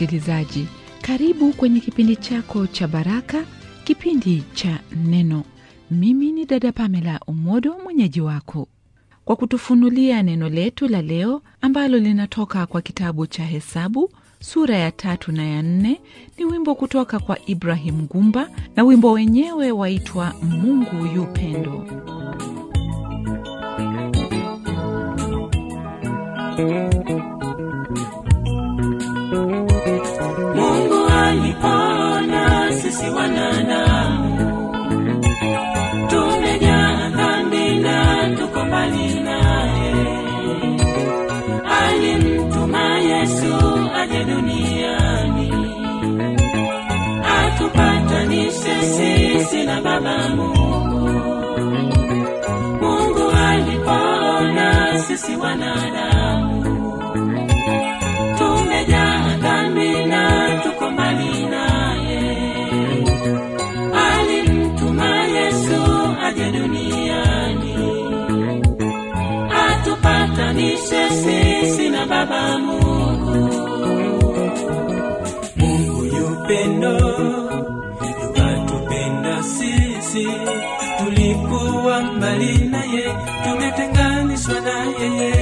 msikilizaji, karibu kwenye kipindi chako cha Baraka, kipindi cha Neno. Mimi ni dada Pamela Umodo, mwenyeji wako, kwa kutufunulia neno letu la leo ambalo linatoka kwa kitabu cha Hesabu sura ya tatu na ya nne. Ni wimbo kutoka kwa ibrahimu Gumba na wimbo wenyewe waitwa Mungu yu Pendo. sisi na Baba Mungu. Mungu alipoona sisi wanadamu tumejaa dhambi na tuko mbali naye, alimtuma Yesu aje duniani atupatanishe sisi na Baba Mungu. Mungu yupendo yeah,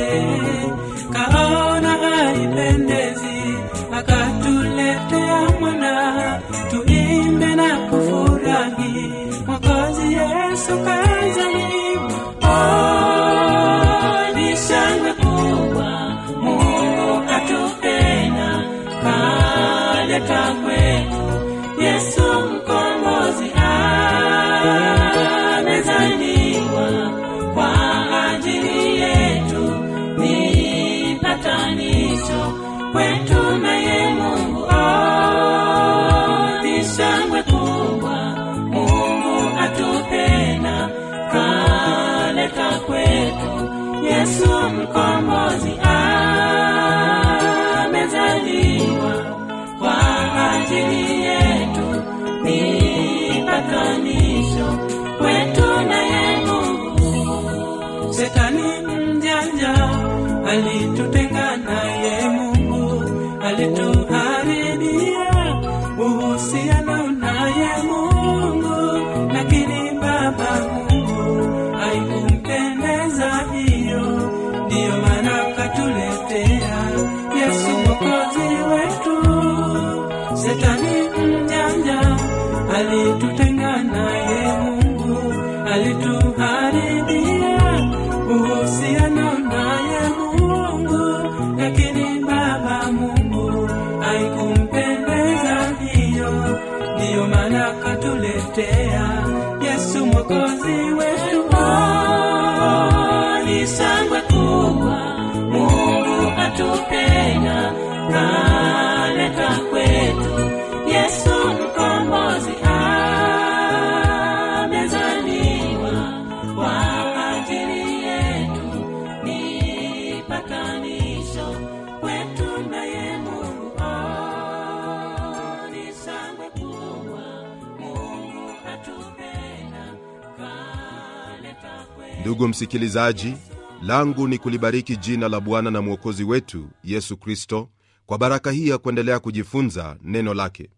Ndugu msikilizaji, langu ni kulibariki jina la Bwana na Mwokozi wetu Yesu Kristo kwa baraka hii ya kuendelea kujifunza neno lake.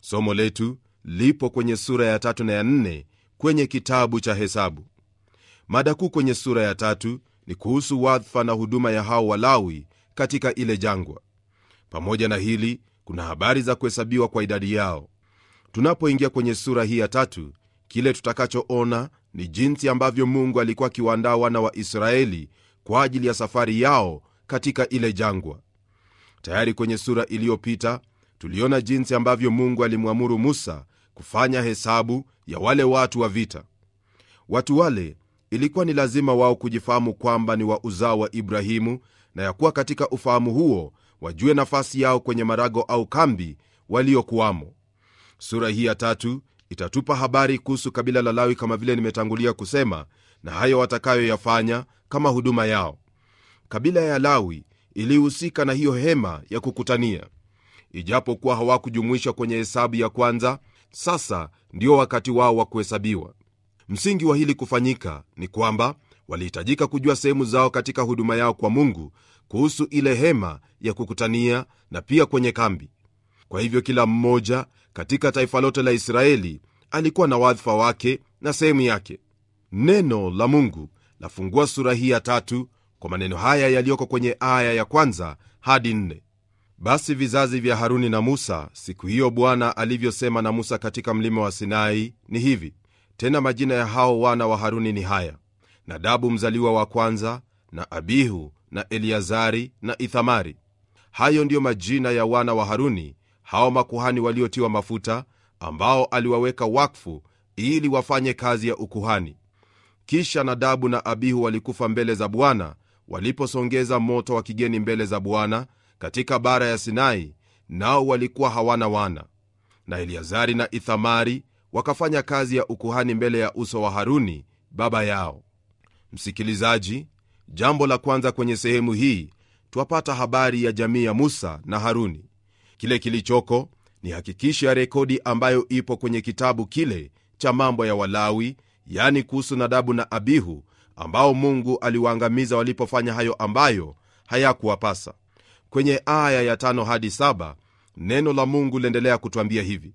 Somo letu lipo kwenye sura ya tatu na ya nne kwenye kitabu cha Hesabu. Mada kuu kwenye sura ya tatu ni kuhusu wadhifa na huduma ya hao Walawi katika ile jangwa. Pamoja na hili, kuna habari za kuhesabiwa kwa idadi yao. Tunapoingia kwenye sura hii ya tatu, kile tutakachoona ni jinsi ambavyo mungu alikuwa akiwaandaa wana wa israeli kwa ajili ya safari yao katika ile jangwa tayari kwenye sura iliyopita tuliona jinsi ambavyo mungu alimwamuru musa kufanya hesabu ya wale watu wa vita watu wale ilikuwa ni lazima wao kujifahamu kwamba ni wa uzao wa ibrahimu na ya kuwa katika ufahamu huo wajue nafasi yao kwenye marago au kambi waliokuwamo sura hii ya tatu itatupa habari kuhusu kabila la Lawi kama vile nimetangulia kusema, na hayo watakayoyafanya kama huduma yao. Kabila ya Lawi ilihusika na hiyo hema ya kukutania, ijapokuwa hawakujumuishwa kwenye hesabu ya kwanza. Sasa ndio wakati wao wa kuhesabiwa. Msingi wa hili kufanyika ni kwamba walihitajika kujua sehemu zao katika huduma yao kwa Mungu kuhusu ile hema ya kukutania na pia kwenye kambi. Kwa hivyo kila mmoja katika taifa lote la Israeli alikuwa na wadhifa wake na sehemu yake. Neno la Mungu lafungua sura hii ya tatu kwa maneno haya yaliyoko kwenye aya ya kwanza hadi nne: basi vizazi vya Haruni na Musa siku hiyo Bwana alivyosema na Musa katika mlima wa Sinai ni hivi. Tena majina ya hao wana wa Haruni ni haya: Nadabu mzaliwa wa kwanza na Abihu na Eliazari na Ithamari. Hayo ndiyo majina ya wana wa Haruni hao makuhani waliotiwa mafuta ambao aliwaweka wakfu ili wafanye kazi ya ukuhani. Kisha Nadabu na Abihu walikufa mbele za Bwana waliposongeza moto wa kigeni mbele za Bwana katika bara ya Sinai, nao walikuwa hawana wana. Na Eleazari na Ithamari wakafanya kazi ya ukuhani mbele ya uso wa Haruni baba yao. Msikilizaji, jambo la kwanza kwenye sehemu hii twapata habari ya jamii ya Musa na Haruni kile kilichoko ni hakikisho ya rekodi ambayo ipo kwenye kitabu kile cha mambo ya Walawi, yani kuhusu Nadabu na Abihu, ambao Mungu aliwaangamiza walipofanya hayo ambayo hayakuwapasa. Kwenye aya ya tano hadi saba neno la Mungu liendelea kutwambia hivi: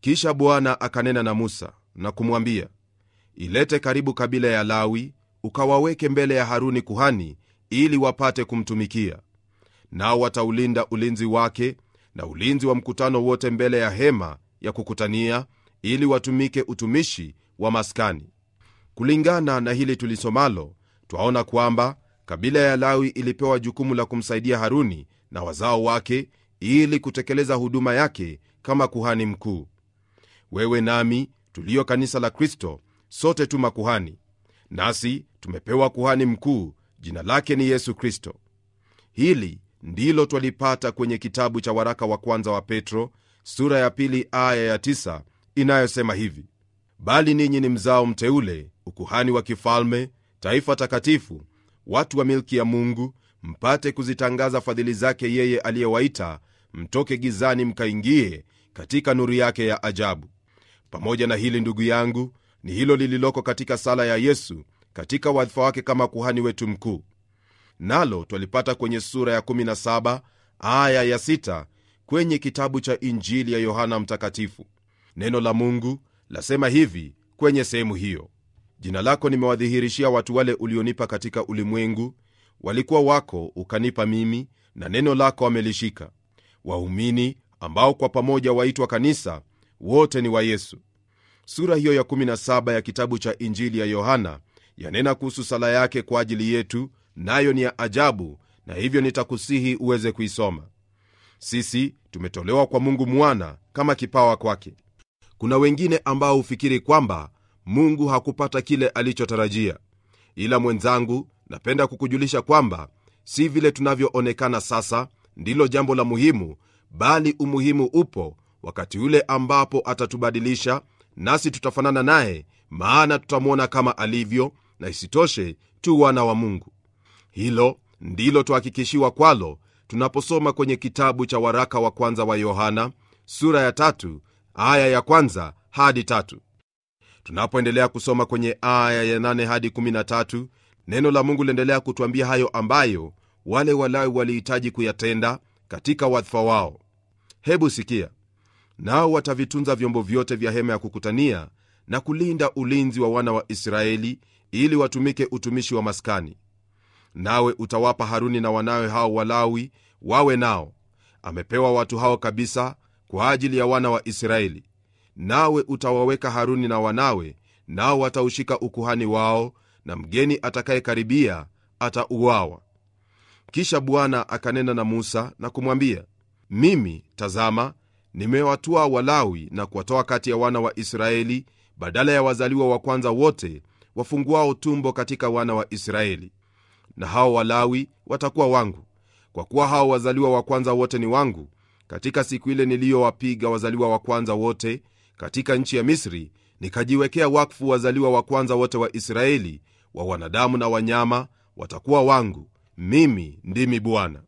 kisha Bwana akanena na Musa na kumwambia, ilete karibu kabila ya Lawi ukawaweke mbele ya Haruni kuhani, ili wapate kumtumikia, nao wataulinda ulinzi wake na ulinzi wa mkutano wote mbele ya hema ya kukutania ili watumike utumishi wa maskani. Kulingana na hili tulisomalo, twaona kwamba kabila ya Lawi ilipewa jukumu la kumsaidia Haruni na wazao wake ili kutekeleza huduma yake kama kuhani mkuu. Wewe nami tuliyo kanisa la Kristo sote tu makuhani, nasi tumepewa kuhani mkuu, jina lake ni Yesu Kristo. Hili ndilo twalipata kwenye kitabu cha waraka wa kwanza wa Petro sura ya pili aya ya tisa inayosema hivi: bali ninyi ni mzao mteule, ukuhani wa kifalme, taifa takatifu, watu wa milki ya Mungu, mpate kuzitangaza fadhili zake yeye aliyewaita mtoke gizani mkaingie katika nuru yake ya ajabu. Pamoja na hili, ndugu yangu, ni hilo lililoko katika sala ya Yesu katika wadhifa wake kama kuhani wetu mkuu nalo twalipata kwenye sura ya 17 aya ya 6 kwenye kitabu cha Injili ya Yohana Mtakatifu. Neno la Mungu lasema hivi kwenye sehemu hiyo: jina lako nimewadhihirishia watu wale ulionipa katika ulimwengu, walikuwa wako, ukanipa mimi, na neno lako wamelishika. Waumini ambao kwa pamoja waitwa kanisa, wote ni wa Yesu. Sura hiyo ya 17 ya kitabu cha Injili ya Yohana yanena kuhusu sala yake kwa ajili yetu nayo ni ya ajabu na hivyo nitakusihi uweze kuisoma sisi tumetolewa kwa mungu mwana kama kipawa kwake kuna wengine ambao hufikiri kwamba mungu hakupata kile alichotarajia ila mwenzangu napenda kukujulisha kwamba si vile tunavyoonekana sasa ndilo jambo la muhimu bali umuhimu upo wakati ule ambapo atatubadilisha nasi tutafanana naye maana tutamwona kama alivyo na isitoshe tu wana wa mungu hilo ndilo twahakikishiwa kwalo tunaposoma kwenye kitabu cha waraka wa kwanza wa yohana sura ya tatu aya ya kwanza hadi tatu tunapoendelea kusoma kwenye aya ya nane hadi kumi na tatu neno la mungu liendelea kutwambia hayo ambayo wale walawi walihitaji kuyatenda katika wadhifa wao hebu sikia nao watavitunza vyombo vyote vya hema ya kukutania na kulinda ulinzi wa wana wa israeli ili watumike utumishi wa maskani nawe utawapa Haruni na wanawe hao Walawi wawe nao. Amepewa watu hao kabisa kwa ajili ya wana wa Israeli. Nawe utawaweka Haruni na wanawe, nao wataushika ukuhani wao, na mgeni atakayekaribia atauawa. Kisha Bwana akanena na Musa na kumwambia, mimi tazama, nimewatua Walawi na kuwatoa kati ya wana wa Israeli badala ya wazaliwa wa kwanza wote wafunguao tumbo katika wana wa Israeli na hao Walawi watakuwa wangu, kwa kuwa hao wazaliwa wa kwanza wote ni wangu, katika siku ile niliyowapiga wazaliwa wa kwanza wote katika nchi ya Misri, nikajiwekea wakfu wazaliwa wa kwanza wote wa Israeli, wa wanadamu na wanyama, watakuwa wangu. Mimi ndimi Bwana.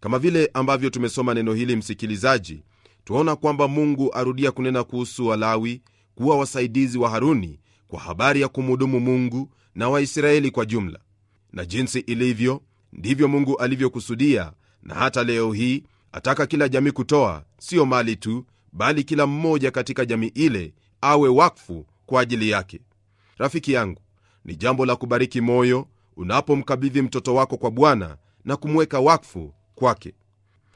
Kama vile ambavyo tumesoma neno hili, msikilizaji, twaona kwamba Mungu arudia kunena kuhusu Walawi kuwa wasaidizi wa Haruni kwa habari ya kumhudumu Mungu na Waisraeli kwa jumla na jinsi ilivyo ndivyo mungu alivyokusudia na hata leo hii ataka kila jamii kutoa siyo mali tu bali kila mmoja katika jamii ile awe wakfu kwa ajili yake rafiki yangu ni jambo la kubariki moyo unapomkabidhi mtoto wako kwa bwana na kumweka wakfu kwake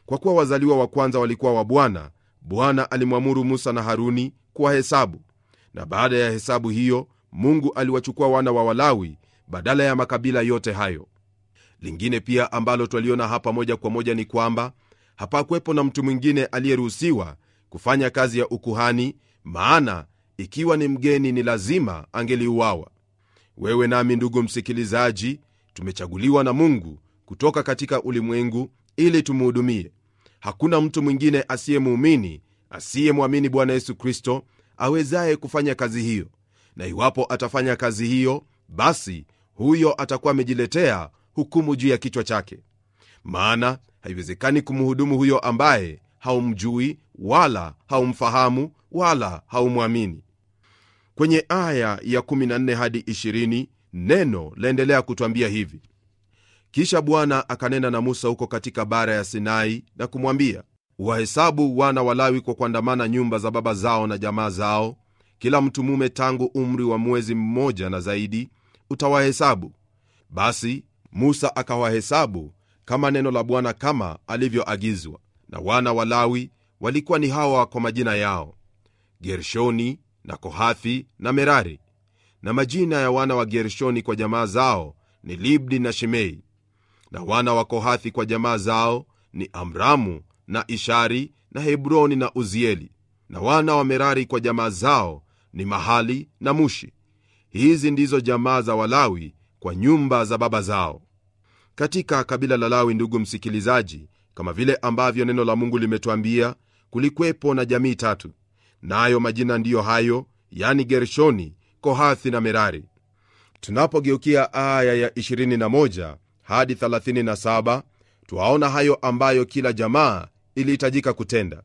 kwa kuwa wazaliwa wa kwanza walikuwa wa bwana bwana alimwamuru musa na haruni hesabu na baada ya hesabu hiyo mungu aliwachukua wana wa walawi badala ya makabila yote hayo. Lingine pia ambalo twaliona hapa moja kwa moja ni kwamba hapakuwepo na mtu mwingine aliyeruhusiwa kufanya kazi ya ukuhani, maana ikiwa ni mgeni ni lazima angeliuawa. Wewe nami, ndugu msikilizaji, tumechaguliwa na Mungu kutoka katika ulimwengu ili tumuhudumie. Hakuna mtu mwingine asiyemuumini asiyemwamini Bwana Yesu Kristo awezaye kufanya kazi hiyo, na iwapo atafanya kazi hiyo, basi huyo atakuwa amejiletea hukumu juu ya kichwa chake, maana haiwezekani kumhudumu huyo ambaye haumjui wala haumfahamu wala haumwamini. Kwenye aya ya 14 hadi 20 neno laendelea kutwambia hivi: kisha Bwana akanena na Musa huko katika bara ya Sinai na kumwambia, wahesabu wana Walawi kwa kuandamana nyumba za baba zao na jamaa zao, kila mtu mume tangu umri wa mwezi mmoja na zaidi utawahesabu basi musa akawahesabu kama neno la bwana kama alivyoagizwa na wana wa lawi walikuwa ni hawa kwa majina yao gershoni na kohathi na merari na majina ya wana wa gershoni kwa jamaa zao ni libni na shimei na wana wa kohathi kwa jamaa zao ni amramu na ishari na hebroni na uzieli na wana wa merari kwa jamaa zao ni mahali na mushi Hizi ndizo jamaa za Walawi kwa nyumba za baba zao. Katika kabila la Lawi, ndugu msikilizaji, kama vile ambavyo neno la Mungu limetwambia, kulikwepo na jamii tatu, nayo na majina ndiyo hayo, yani Gershoni, Kohathi na Merari. Tunapogeukia aya ya 21 hadi 37, twaona hayo ambayo kila jamaa ilihitajika kutenda.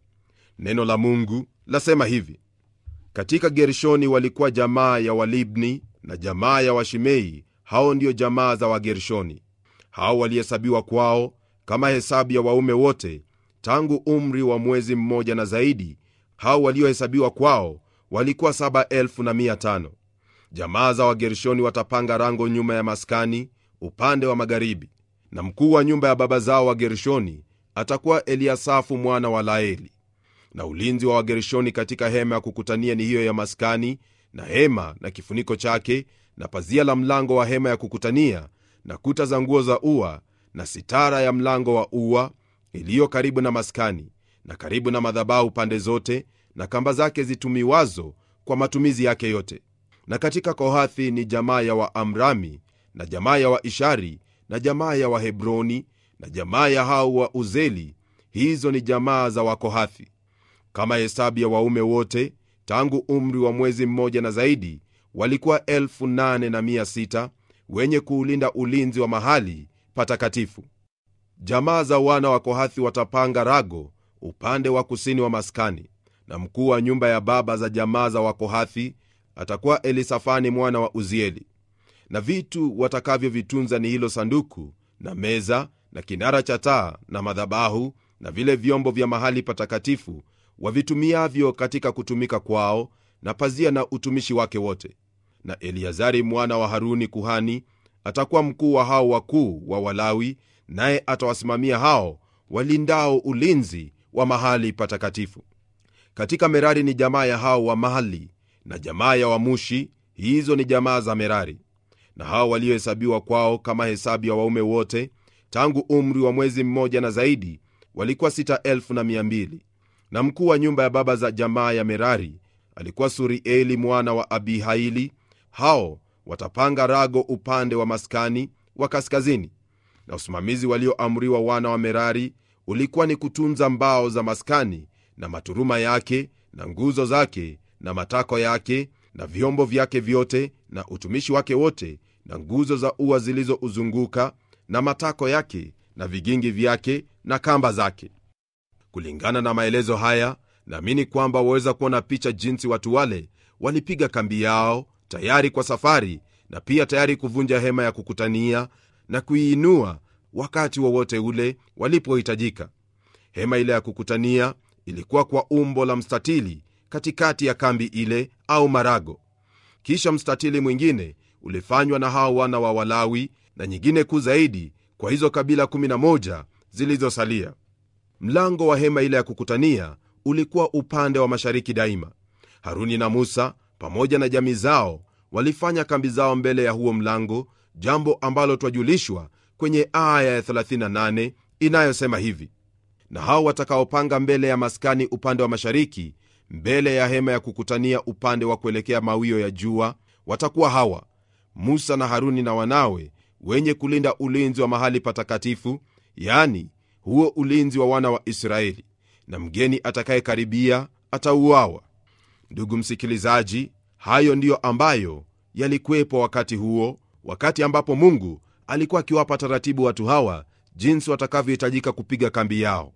Neno la Mungu lasema hivi: katika Gershoni walikuwa jamaa ya Walibni na jamaa ya Washimei. Hao ndiyo jamaa za Wagershoni. Hao walihesabiwa kwao kama hesabu ya waume wote tangu umri wa mwezi mmoja na zaidi. Hao waliohesabiwa kwao walikuwa 75 Jamaa za Wagershoni watapanga rango nyuma ya maskani upande wa magharibi, na mkuu wa nyumba ya baba zao Wagershoni atakuwa Eliasafu mwana wa Laeli na ulinzi wa wagerishoni katika hema ya kukutania ni hiyo ya maskani, na hema na kifuniko chake, na pazia la mlango wa hema ya kukutania, na kuta za nguo za ua, na sitara ya mlango wa ua iliyo karibu na maskani, na karibu na madhabahu pande zote, na kamba zake zitumiwazo kwa matumizi yake yote. Na katika Kohathi ni jamaa ya Waamrami na jamaa ya Waishari na jamaa ya Wahebroni na jamaa ya hau wa Uzeli. Hizo ni jamaa za Wakohathi kama hesabu ya waume wote tangu umri wa mwezi mmoja na zaidi walikuwa 86 wenye kuulinda ulinzi wa mahali patakatifu. Jamaa za wana wa Kohathi watapanga rago upande wa kusini wa maskani, na mkuu wa nyumba ya baba za jamaa za Wakohathi atakuwa Elisafani mwana wa Uzieli. Na vitu watakavyovitunza ni hilo sanduku na meza na kinara cha taa na madhabahu na vile vyombo vya mahali patakatifu wavitumiavyo katika kutumika kwao, na pazia na utumishi wake wote. Na Eliazari mwana wa Haruni kuhani atakuwa mkuu wa hao wakuu wa Walawi, naye atawasimamia hao walindao ulinzi wa mahali patakatifu. Katika Merari ni jamaa ya hao wa Mahali na jamaa ya Wamushi, hizo ni jamaa za Merari. Na hao waliohesabiwa kwao kama hesabu ya waume wote tangu umri wa mwezi mmoja na zaidi walikuwa 6 na mkuu wa nyumba ya baba za jamaa ya Merari alikuwa Surieli mwana wa Abihaili. Hao watapanga rago upande wa maskani wa kaskazini, na usimamizi walioamriwa wana wa Merari ulikuwa ni kutunza mbao za maskani na maturuma yake na nguzo zake na matako yake na vyombo vyake vyote na utumishi wake wote na nguzo za ua zilizouzunguka na matako yake na vigingi vyake na kamba zake. Kulingana na maelezo haya, naamini kwamba waweza kuona picha jinsi watu wale walipiga kambi yao tayari kwa safari na pia tayari kuvunja hema ya kukutania na kuiinua wakati wowote wa ule walipohitajika. Hema ile ya kukutania ilikuwa kwa umbo la mstatili katikati ya kambi ile au marago. Kisha mstatili mwingine ulifanywa na hawa wana wa Walawi na nyingine kuu zaidi kwa hizo kabila 11 zilizosalia. Mlango wa hema ile ya kukutania ulikuwa upande wa mashariki daima. Haruni na Musa pamoja na jamii zao walifanya kambi zao mbele ya huo mlango, jambo ambalo twajulishwa kwenye aya ya 38 inayosema hivi: na hao watakaopanga mbele ya maskani upande wa mashariki, mbele ya hema ya kukutania upande wa kuelekea mawio ya jua, watakuwa hawa Musa na Haruni na wanawe, wenye kulinda ulinzi wa mahali patakatifu, yani huo ulinzi wa wana wa Israeli, na mgeni atakayekaribia atauawa. Ndugu msikilizaji, hayo ndiyo ambayo yalikuwepo wakati huo, wakati ambapo Mungu alikuwa akiwapa taratibu watu hawa jinsi watakavyohitajika kupiga kambi yao.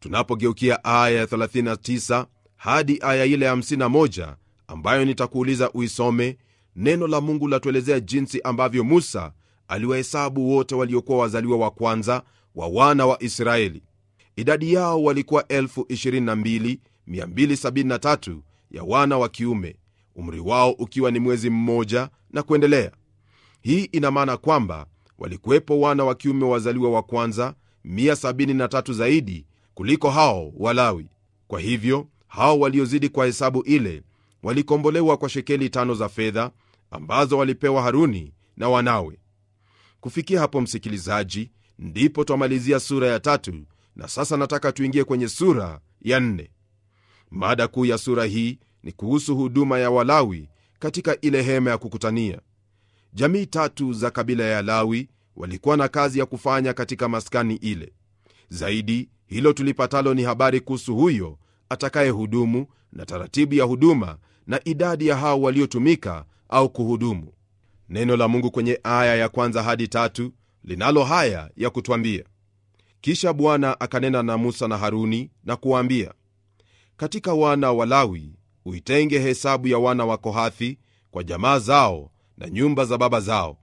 Tunapogeukia aya ya 39 hadi aya ile ya 51 ambayo nitakuuliza uisome, neno la Mungu latuelezea jinsi ambavyo Musa aliwahesabu wote waliokuwa wazaliwa wa kwanza wa wana wa Israeli. Idadi yao walikuwa 22,273 ya wana wa kiume, umri wao ukiwa ni mwezi mmoja na kuendelea. Hii ina maana kwamba walikuwepo wana wa kiume wazaliwa wa kwanza 173 zaidi kuliko hao Walawi. Kwa hivyo hao waliozidi kwa hesabu ile walikombolewa kwa shekeli tano za fedha ambazo walipewa Haruni na wanawe. Kufikia hapo, msikilizaji, ndipo twamalizia sura ya tatu na sasa nataka tuingie kwenye sura ya nne mada kuu ya sura hii ni kuhusu huduma ya walawi katika ile hema ya kukutania jamii tatu za kabila ya lawi walikuwa na kazi ya kufanya katika maskani ile zaidi hilo tulipatalo ni habari kuhusu huyo atakaye hudumu na taratibu ya huduma na idadi ya hao waliotumika au kuhudumu neno la mungu kwenye aya ya kwanza hadi tatu linalo haya ya kutwambia. Kisha Bwana akanena na Musa na Haruni na kuwaambia, katika wana wa Lawi uitenge hesabu ya wana wa Kohathi kwa jamaa zao na nyumba za baba zao,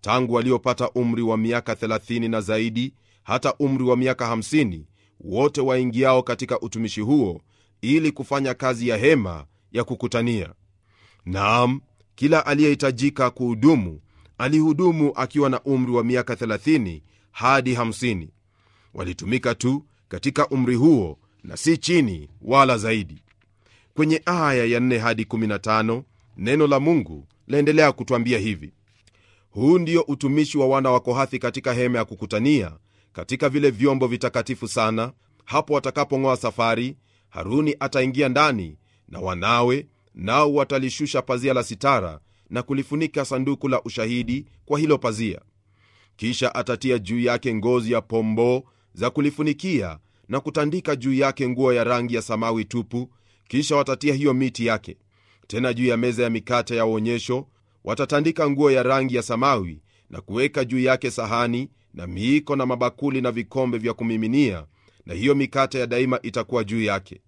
tangu waliopata umri wa miaka 30 na zaidi hata umri wa miaka 50, wote waingiao katika utumishi huo, ili kufanya kazi ya hema ya kukutania. Naam, kila aliyehitajika kuhudumu alihudumu akiwa na umri wa miaka 30 hadi 50 walitumika tu katika umri huo na si chini wala zaidi kwenye aya ya 4 hadi 15 neno la mungu laendelea kutwambia hivi huu ndio utumishi wa wana wa kohathi katika hema ya kukutania katika vile vyombo vitakatifu sana hapo watakapong'oa safari haruni ataingia ndani na wanawe nao watalishusha pazia la sitara na kulifunika sanduku la ushahidi kwa hilo pazia. Kisha atatia juu yake ngozi ya pomboo za kulifunikia na kutandika juu yake nguo ya rangi ya samawi tupu. Kisha watatia hiyo miti yake tena juu ya meza ya mikate ya uonyesho watatandika nguo ya rangi ya samawi na kuweka juu yake sahani na miiko na mabakuli na vikombe vya kumiminia, na hiyo mikate ya daima itakuwa juu yake.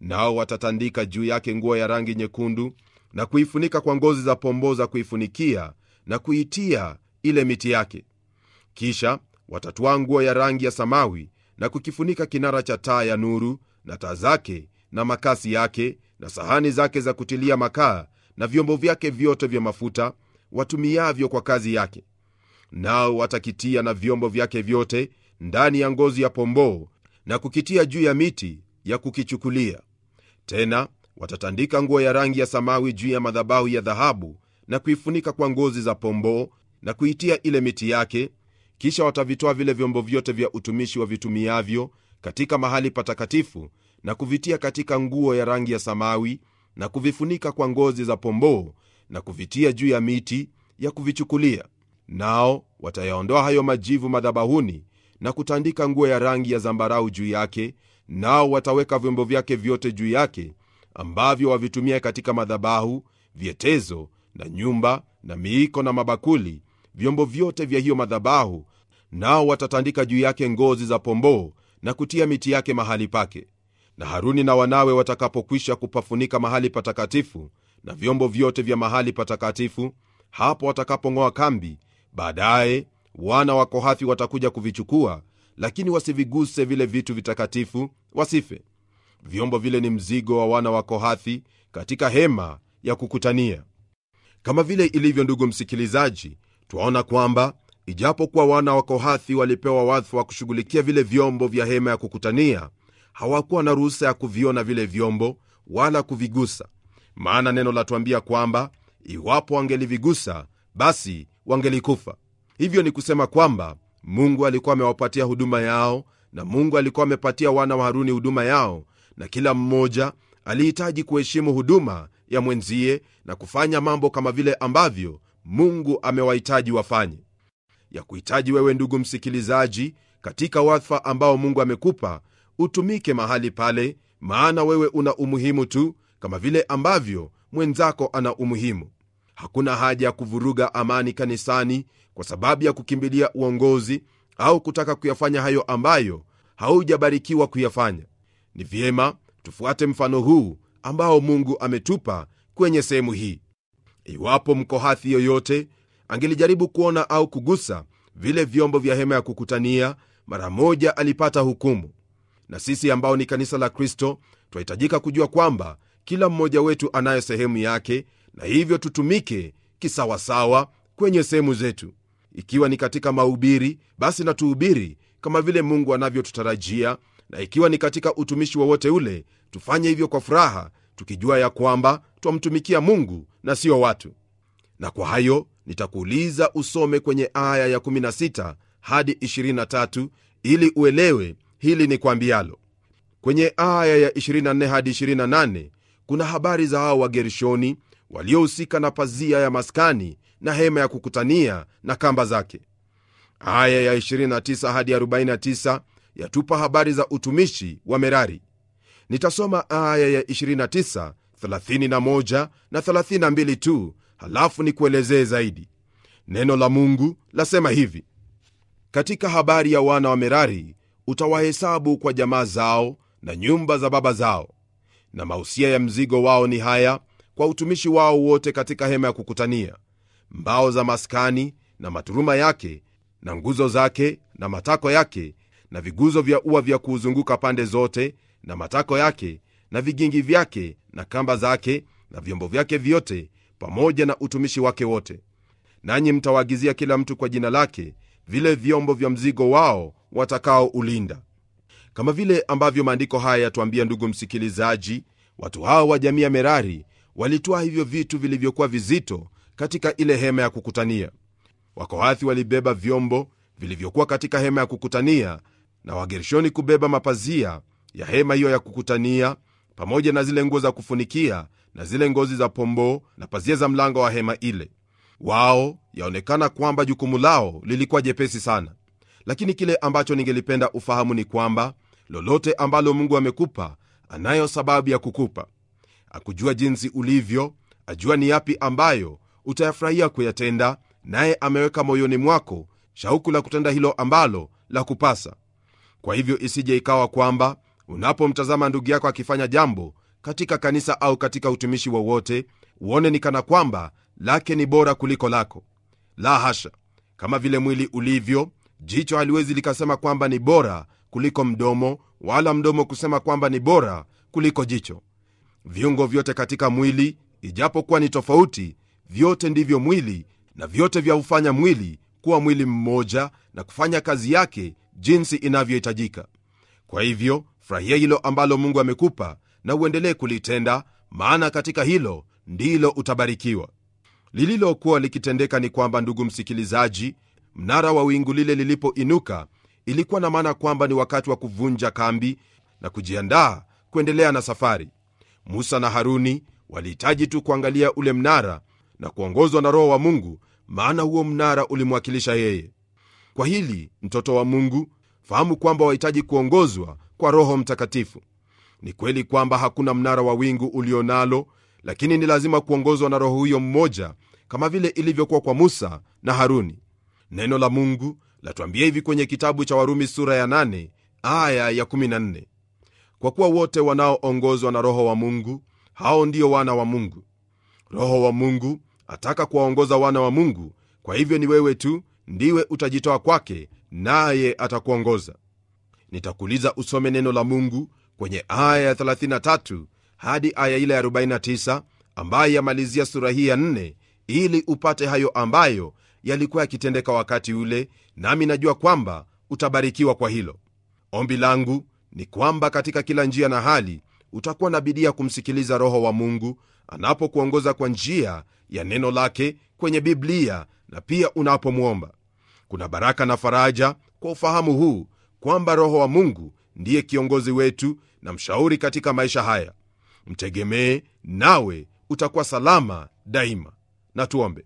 Nao watatandika juu yake nguo ya rangi nyekundu na kuifunika kwa ngozi za pomboo za kuifunikia na kuitia ile miti yake. Kisha watatwaa nguo ya rangi ya samawi na kukifunika kinara cha taa ya nuru na taa zake na makasi yake na sahani zake za kutilia makaa na vyombo vyake vyote vya mafuta watumiavyo kwa kazi yake. Nao watakitia na vyombo vyake vyote ndani ya ngozi ya pomboo na kukitia juu ya miti ya kukichukulia. Tena Watatandika nguo ya rangi ya samawi juu ya madhabahu ya dhahabu na kuifunika kwa ngozi za pomboo na kuitia ile miti yake. Kisha watavitoa vile vyombo vyote vya utumishi wa vitumiavyo katika mahali patakatifu na kuvitia katika nguo ya rangi ya samawi na kuvifunika kwa ngozi za pomboo na kuvitia juu ya miti ya kuvichukulia. Nao watayaondoa hayo majivu madhabahuni na kutandika nguo ya rangi ya zambarau juu yake, nao wataweka vyombo vyake vyote juu yake ambavyo wavitumia katika madhabahu, vyetezo na nyumba na miiko na mabakuli, vyombo vyote vya hiyo madhabahu. Nao watatandika juu yake ngozi za pomboo na kutia miti yake mahali pake. Na Haruni na wanawe watakapokwisha kupafunika mahali patakatifu na vyombo vyote vya mahali patakatifu, hapo watakapong'oa kambi, baadaye wana wa Kohathi watakuja kuvichukua, lakini wasiviguse vile vitu vitakatifu, wasife. Vyombo vile ni mzigo wa wana wa Kohathi katika hema ya kukutania. Kama vile ilivyo, ndugu msikilizaji, twaona kwamba ijapokuwa wana wa Kohathi walipewa wadhifa wa kushughulikia vile vyombo vya hema ya kukutania, hawakuwa na ruhusa ya kuviona vile vyombo wala kuvigusa, maana neno latuambia kwamba iwapo wangelivigusa basi wangelikufa. Hivyo ni kusema kwamba Mungu alikuwa amewapatia huduma yao, na Mungu alikuwa amepatia wana wa Haruni huduma yao na kila mmoja alihitaji kuheshimu huduma ya mwenzie na kufanya mambo kama vile ambavyo Mungu amewahitaji wafanye. Ya kuhitaji wewe ndugu msikilizaji, katika wadhifa ambao Mungu amekupa utumike mahali pale, maana wewe una umuhimu tu kama vile ambavyo mwenzako ana umuhimu. Hakuna haja ya kuvuruga amani kanisani kwa sababu ya kukimbilia uongozi au kutaka kuyafanya hayo ambayo haujabarikiwa kuyafanya. Ni vyema tufuate mfano huu ambao Mungu ametupa kwenye sehemu hii. Iwapo Mkohathi yoyote angelijaribu kuona au kugusa vile vyombo vya hema ya kukutania, mara moja alipata hukumu. Na sisi ambao ni kanisa la Kristo twahitajika kujua kwamba kila mmoja wetu anayo sehemu yake, na hivyo tutumike kisawasawa kwenye sehemu zetu. Ikiwa ni katika maubiri basi na kama vile Mungu anavyotutarajia na ikiwa ni katika utumishi wowote ule, tufanye hivyo kwa furaha, tukijua ya kwamba twamtumikia Mungu na sio watu. Na kwa hayo nitakuuliza usome kwenye aya ya 16 hadi 23 ili uelewe hili ni kwambialo. Kwenye aya ya 24 hadi 28 kuna habari za hao Wagerishoni waliohusika na pazia ya maskani na hema ya kukutania na kamba zake. Aya ya 29 hadi 49 yatupa habari za utumishi wa Merari. Nitasoma aya ya 29, 31 na 32 tu, halafu nikuelezee zaidi. Neno la Mungu lasema hivi: katika habari ya wana wa Merari utawahesabu kwa jamaa zao na nyumba za baba zao. Na mausia ya mzigo wao ni haya kwa utumishi wao wote katika hema ya kukutania: mbao za maskani na maturuma yake na nguzo zake na matako yake na viguzo vya ua vya kuuzunguka pande zote na matako yake na vigingi vyake na kamba zake na vyombo vyake vyote pamoja na utumishi wake wote nanyi mtawaagizia kila mtu kwa jina lake vile vyombo vya mzigo wao watakaoulinda kama vile ambavyo maandiko haya yatuambia ndugu msikilizaji watu hao wa jamii ya merari walitoa hivyo vitu vilivyokuwa vizito katika ile hema ya kukutania wakohathi walibeba vyombo vilivyokuwa katika hema ya kukutania na wagershoni kubeba mapazia ya hema hiyo ya kukutania pamoja na zile nguo za kufunikia na zile ngozi za pomboo na pazia za mlango wa hema ile. Wao yaonekana kwamba jukumu lao lilikuwa jepesi sana, lakini kile ambacho ningelipenda ufahamu ni kwamba lolote ambalo Mungu amekupa anayo sababu ya kukupa. Akujua jinsi ulivyo, ajua ni yapi ambayo utayafurahia kuyatenda, naye ameweka moyoni mwako shauku la kutenda hilo ambalo la kupasa. Kwa hivyo isije ikawa kwamba unapomtazama ndugu yako akifanya jambo katika kanisa au katika utumishi wowote, uone ni kana kwamba lake ni bora kuliko lako. La hasha! Kama vile mwili ulivyo, jicho haliwezi likasema kwamba ni bora kuliko mdomo, wala mdomo kusema kwamba ni bora kuliko jicho. Viungo vyote katika mwili, ijapokuwa ni tofauti, vyote ndivyo mwili na vyote vyaufanya mwili kuwa mwili mmoja na kufanya kazi yake jinsi inavyohitajika kwa hivyo furahia hilo ambalo mungu amekupa na uendelee kulitenda maana katika hilo ndilo utabarikiwa lililokuwa likitendeka ni kwamba ndugu msikilizaji mnara wa wingu lile lilipoinuka ilikuwa na maana kwamba ni wakati wa kuvunja kambi na kujiandaa kuendelea na safari musa na haruni walihitaji tu kuangalia ule mnara na kuongozwa na roho wa mungu maana huo mnara ulimwakilisha yeye. Kwa hili, mtoto wa Mungu, fahamu kwamba wahitaji kuongozwa kwa Roho Mtakatifu. Ni kweli kwamba hakuna mnara wa wingu ulio nalo, lakini ni lazima kuongozwa na Roho huyo mmoja, kama vile ilivyokuwa kwa Musa na Haruni. Neno la Mungu latuambia hivi kwenye kitabu cha Warumi sura ya 8 aya ya 14: kwa kuwa wote wanaoongozwa na Roho wa Mungu hao ndio wana wa Mungu. Roho wa Mungu ataka kuwaongoza wana wa mungu kwa hivyo ni wewe tu ndiwe utajitoa kwake naye atakuongoza nitakuuliza usome neno la mungu kwenye aya ya 33 hadi aya ile ya 49 ambaye yamalizia sura hii ya 4 ili upate hayo ambayo yalikuwa yakitendeka wakati ule nami najua kwamba utabarikiwa kwa hilo ombi langu ni kwamba katika kila njia na hali utakuwa na bidii ya kumsikiliza roho wa mungu anapokuongoza kwa njia ya neno lake kwenye Biblia na pia unapomwomba. Kuna baraka na faraja kwa ufahamu huu kwamba Roho wa Mungu ndiye kiongozi wetu na mshauri katika maisha haya. Mtegemee nawe utakuwa salama daima. Na tuombe.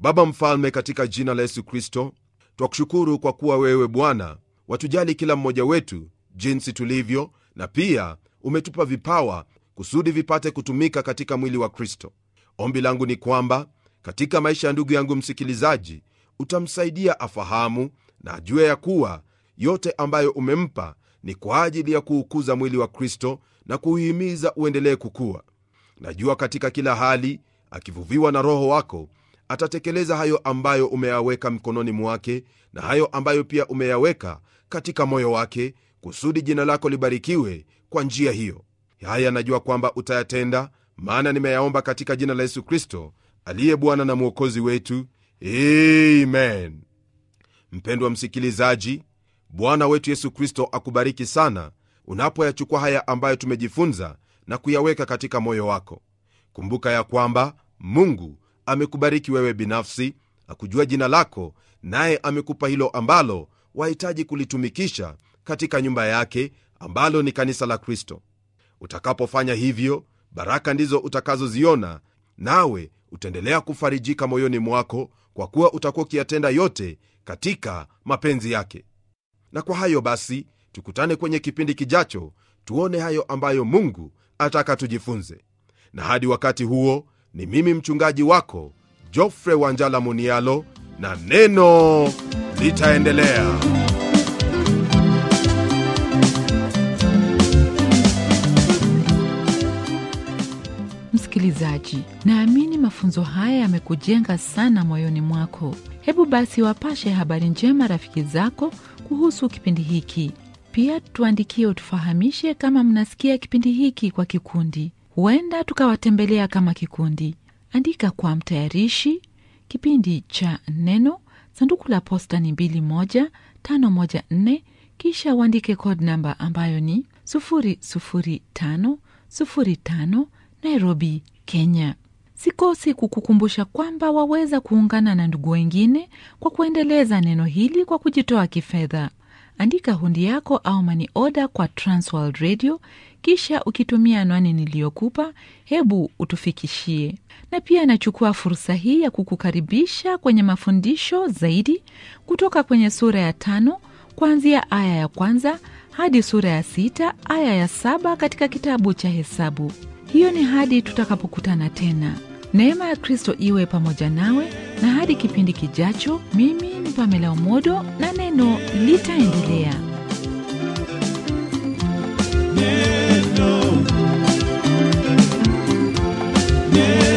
Baba Mfalme, katika jina la Yesu Kristo, twakushukuru kwa kuwa wewe Bwana watujali kila mmoja wetu jinsi tulivyo, na pia umetupa vipawa kusudi vipate kutumika katika mwili wa Kristo. Ombi langu ni kwamba katika maisha ya ndugu yangu msikilizaji, utamsaidia afahamu na ajue ya kuwa yote ambayo umempa ni kwa ajili ya kuukuza mwili wa Kristo na kuuhimiza uendelee kukua. Najua katika kila hali akivuviwa na Roho wako atatekeleza hayo ambayo umeyaweka mkononi mwake na hayo ambayo pia umeyaweka katika moyo wake, kusudi jina lako libarikiwe kwa njia hiyo. Haya najua kwamba utayatenda, maana nimeyaomba katika jina la Yesu Kristo aliye Bwana na Mwokozi wetu, amen. Mpendwa msikilizaji, Bwana wetu Yesu Kristo akubariki sana unapoyachukua haya ambayo tumejifunza na kuyaweka katika moyo wako. Kumbuka ya kwamba Mungu amekubariki wewe binafsi, akujua jina lako, naye amekupa hilo ambalo wahitaji kulitumikisha katika nyumba yake, ambalo ni kanisa la Kristo. Utakapofanya hivyo baraka ndizo utakazoziona, nawe utaendelea kufarijika moyoni mwako, kwa kuwa utakuwa ukiyatenda yote katika mapenzi yake. Na kwa hayo basi, tukutane kwenye kipindi kijacho, tuone hayo ambayo Mungu ataka tujifunze. Na hadi wakati huo, ni mimi mchungaji wako Jofre Wanjala Munialo, na neno litaendelea. msikilizaji, naamini mafunzo haya yamekujenga sana moyoni mwako. Hebu basi wapashe habari njema rafiki zako kuhusu kipindi hiki. Pia tuandikie utufahamishe kama mnasikia kipindi hiki kwa kikundi, huenda tukawatembelea kama kikundi. Andika kwa mtayarishi kipindi cha Neno, sanduku la posta ni 21514 kisha uandike code namba ambayo ni 00505 Nairobi, Kenya. Sikosi kukukumbusha kwamba waweza kuungana na ndugu wengine kwa kuendeleza neno hili kwa kujitoa kifedha. Andika hundi yako au mani oda kwa Transworld Radio, kisha ukitumia anwani niliyokupa, hebu utufikishie. Na pia nachukua fursa hii ya kukukaribisha kwenye mafundisho zaidi kutoka kwenye sura ya tano kuanzia aya ya kwanza hadi sura ya sita aya ya saba katika kitabu cha Hesabu. Hiyo ni hadi tutakapokutana tena. Neema ya Kristo iwe pamoja nawe, na hadi kipindi kijacho, mimi ni Pamela Umodo na neno litaendelea. Yeah.